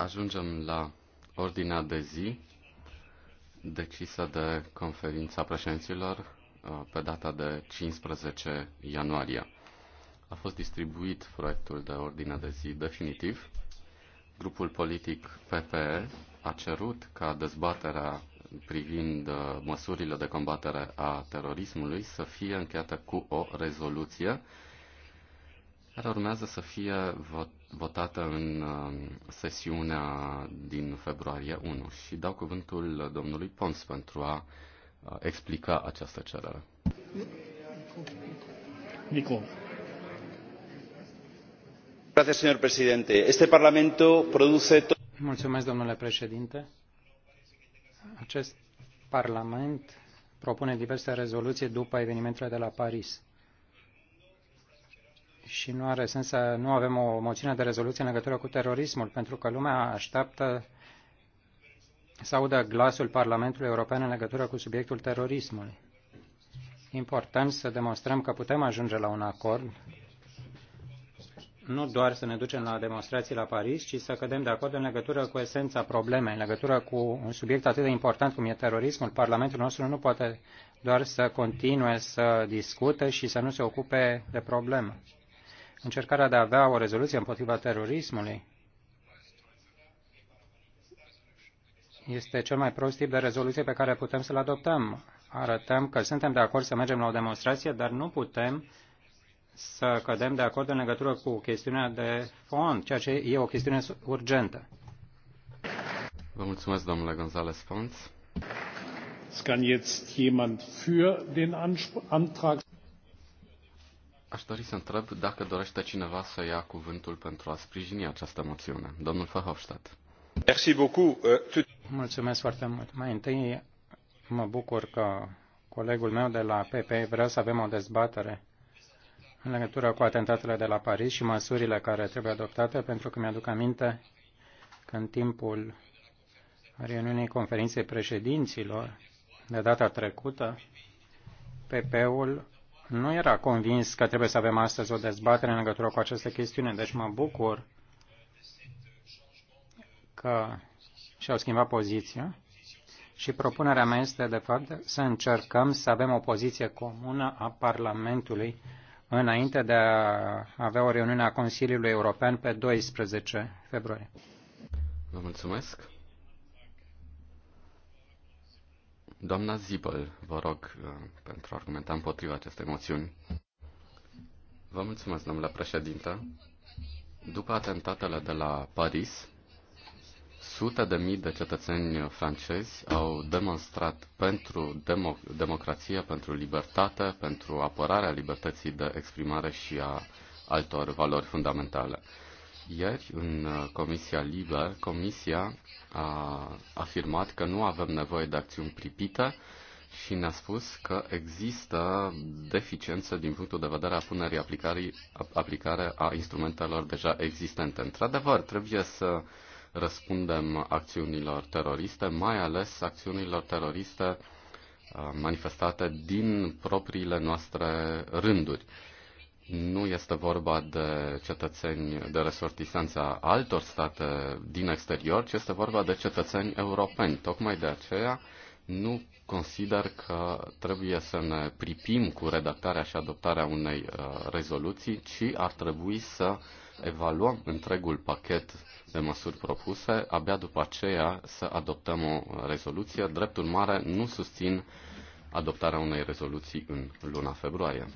Ajungem la ordinea de zi decisă de conferința președinților uh, pe data de 15 ianuarie. A fost distribuit proiectul de ordine de zi definitiv. Grupul politic PPE a cerut ca dezbaterea privind uh, măsurile de combatere a terorismului să fie încheiată cu o rezoluție care urmează să fie votată în um, sesiunea din februarie 1 și dau cuvântul domnului Pons pentru a uh, explica această cerere. Nico. Gracias, señor presidente. Este Parlamento produce... Mulțumesc, domnule președinte. Acest Parlament propune diverse rezoluții după evenimentele de la Paris și nu are sens să nu avem o moțiune de rezoluție în legătură cu terorismul, pentru că lumea așteaptă să audă glasul Parlamentului European în legătură cu subiectul terorismului. Important să demonstrăm că putem ajunge la un acord, nu doar să ne ducem la demonstrații la Paris, ci să cădem de acord în legătură cu esența problemei, în legătură cu un subiect atât de important cum e terorismul. Parlamentul nostru nu poate doar să continue să discute și să nu se ocupe de problemă încercarea de a avea o rezoluție împotriva terorismului este cel mai prost tip de rezoluție pe care putem să-l adoptăm. Arătăm că suntem de acord să mergem la o demonstrație, dar nu putem să cădem de acord în legătură cu chestiunea de fond, ceea ce e o chestiune urgentă. Vă mulțumesc, domnule González Pons. Es kann jetzt jemand für den Antrag Aș dori să întreb dacă dorește cineva să ia cuvântul pentru a sprijini această moțiune. Domnul Verhofstadt. Euh, Mulțumesc foarte mult. Mai întâi mă bucur că colegul meu de la PP vrea să avem o dezbatere în legătură cu atentatele de la Paris și măsurile care trebuie adoptate, pentru că mi-aduc aminte că în timpul reuniunii conferinței președinților de data trecută, PP-ul nu era convins că trebuie să avem astăzi o dezbatere în legătură cu aceste chestiune, deci mă bucur că și-au schimbat poziția și propunerea mea este, de fapt, să încercăm să avem o poziție comună a Parlamentului înainte de a avea o reuniune a Consiliului European pe 12 februarie. Vă mulțumesc. Doamna Zibel, vă rog, uh, pentru a argumenta împotriva acestei moțiuni. Vă mulțumesc, domnule președinte. După atentatele de la Paris, sute de mii de cetățeni francezi au demonstrat pentru democ- democrație, pentru libertate, pentru apărarea libertății de exprimare și a altor valori fundamentale ieri, în uh, Comisia Liber, Comisia a afirmat că nu avem nevoie de acțiuni pripite și ne-a spus că există deficiență din punctul de vedere a punerii aplicării, aplicare a instrumentelor deja existente. Într-adevăr, trebuie să răspundem acțiunilor teroriste, mai ales acțiunilor teroriste uh, manifestate din propriile noastre rânduri nu este vorba de cetățeni, de resortisanța altor state din exterior, ci este vorba de cetățeni europeni. Tocmai de aceea nu consider că trebuie să ne pripim cu redactarea și adoptarea unei uh, rezoluții, ci ar trebui să evaluăm întregul pachet de măsuri propuse, abia după aceea să adoptăm o rezoluție. Dreptul mare nu susțin adoptarea unei rezoluții în luna februarie.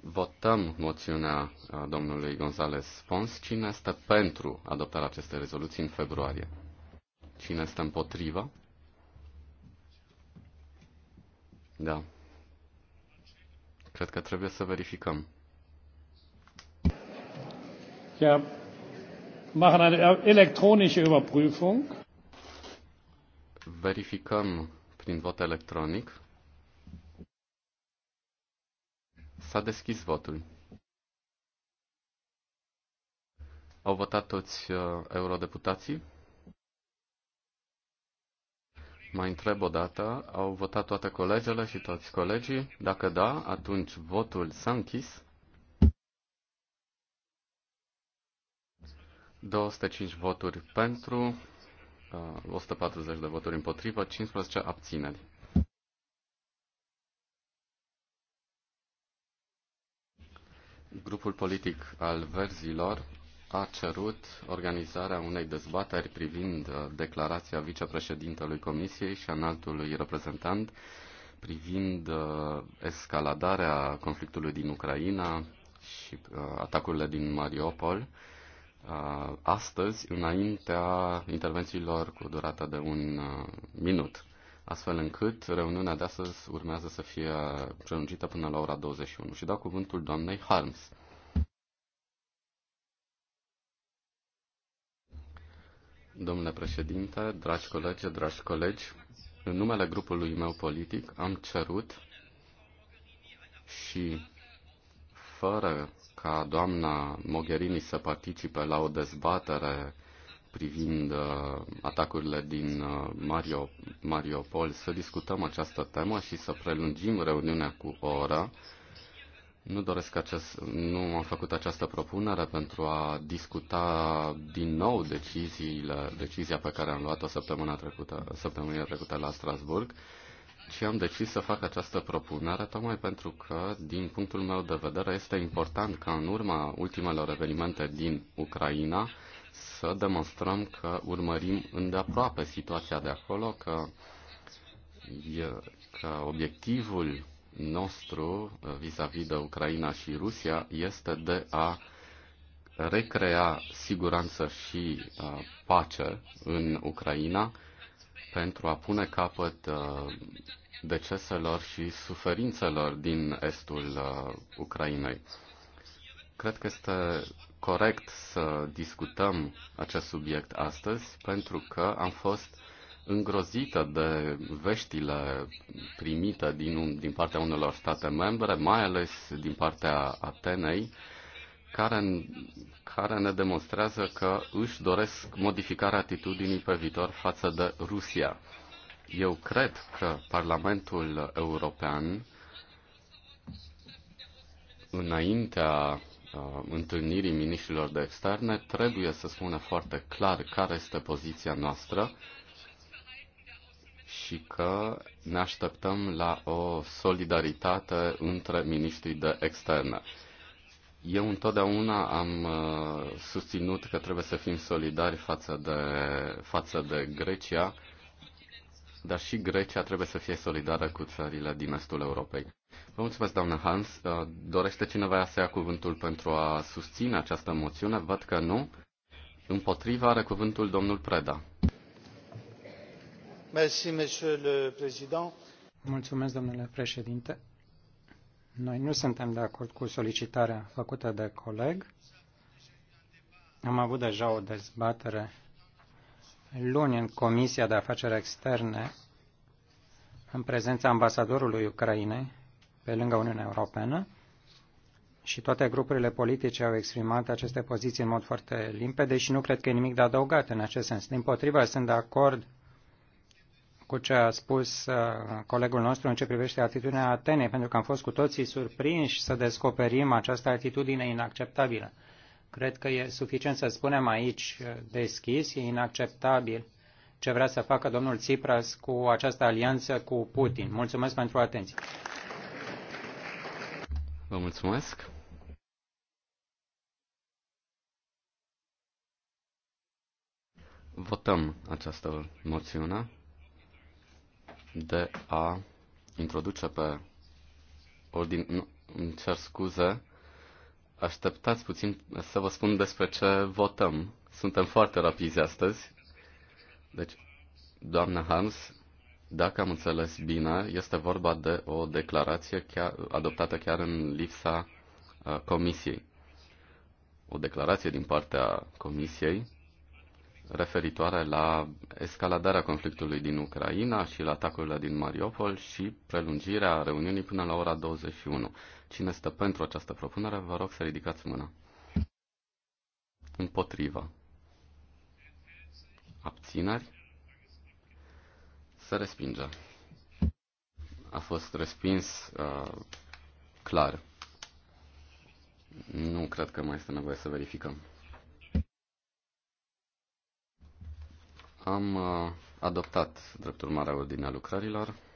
Votăm moțiunea domnului González Pons. Cine este pentru adoptarea acestei rezoluții în februarie? Cine este împotriva? Da. Cred că trebuie să verificăm. Ja, machen eine elektronische Überprüfung. Verificăm prin vot electronic. S-a deschis votul. Au votat toți uh, eurodeputații? Mai întreb o dată, au votat toate colegele și toți colegii? Dacă da, atunci votul s-a închis. 205 voturi pentru, 140 uh, de voturi împotrivă, 15 abțineri. Grupul politic al verzilor a cerut organizarea unei dezbateri privind uh, declarația vicepreședintelui Comisiei și înaltului reprezentant privind uh, escaladarea conflictului din Ucraina și uh, atacurile din Mariupol astăzi, înaintea intervențiilor cu durata de un minut astfel încât reuniunea de astăzi urmează să fie prelungită până la ora 21 și dau cuvântul doamnei Harms. Domnule președinte, dragi colegi, dragi colegi, în numele grupului meu politic am cerut și fără ca doamna Mogherini să participe la o dezbatere privind uh, atacurile din uh, Mario, Mariupol să discutăm această temă și să prelungim reuniunea cu o oră. Nu doresc acest, nu am făcut această propunere pentru a discuta din nou deciziile, decizia pe care am luat-o săptămâna trecută, săptămâna trecută la Strasburg, ci am decis să fac această propunere tocmai pentru că, din punctul meu de vedere, este important ca în urma ultimelor evenimente din Ucraina, să demonstrăm că urmărim îndeaproape situația de acolo, că, e, că obiectivul nostru uh, vis-a-vis -vis de Ucraina și Rusia este de a recrea siguranță și uh, pace în Ucraina pentru a pune capăt uh, deceselor și suferințelor din estul uh, Ucrainei. Cred că este corect să discutăm acest subiect astăzi pentru că am fost îngrozită de veștile primite din, din partea unor state membre, mai ales din partea Atenei, care, care ne demonstrează că își doresc modificarea atitudinii pe viitor față de Rusia. Eu cred că Parlamentul European, înaintea uh, întâlnirii miniștrilor de externe, trebuie să spună foarte clar care este poziția noastră și că ne așteptăm la o solidaritate între miniștrii de externe. Eu întotdeauna am uh, susținut că trebuie să fim solidari față de, față de Grecia dar și Grecia trebuie să fie solidară cu țările din estul Europei. Vă mulțumesc, doamnă Hans. Uh, dorește cineva să ia cuvântul pentru a susține această moțiune? Văd că nu. Împotriva are cuvântul domnul Preda. Merci, monsieur le président. Mulțumesc, domnule președinte. Noi nu suntem de acord cu solicitarea făcută de coleg. Am avut deja o dezbatere luni în Comisia de Afaceri Externe, în prezența ambasadorului Ucrainei, pe lângă Uniunea Europeană, și toate grupurile politice au exprimat aceste poziții în mod foarte limpede și nu cred că e nimic de adăugat în acest sens. Din potrivă, sunt de acord cu ce a spus uh, colegul nostru în ce privește atitudinea Atenei, pentru că am fost cu toții surprinși să descoperim această atitudine inacceptabilă. Cred că e suficient să spunem aici uh, deschis, e inacceptabil ce vrea să facă domnul Tsipras cu această alianță cu Putin. Mulțumesc pentru atenție. Vă mulțumesc. Votăm această moțiune de a introduce pe ordin... Nu, îmi cer scuze, Așteptați puțin să vă spun despre ce votăm. Suntem foarte rapizi astăzi. Deci, doamna Hans, dacă am înțeles bine, este vorba de o declarație chiar, adoptată chiar în lipsa uh, comisiei. O declarație din partea comisiei referitoare la escaladarea conflictului din Ucraina și la atacurile din Mariupol și prelungirea reuniunii până la ora 21. Cine stă pentru această propunere, vă rog să ridicați mâna. Împotriva. Abțineri. să respinge. A fost respins uh, clar. Nu cred că mai este nevoie să verificăm. Am uh, adoptat, drept urmare, ordinea lucrărilor.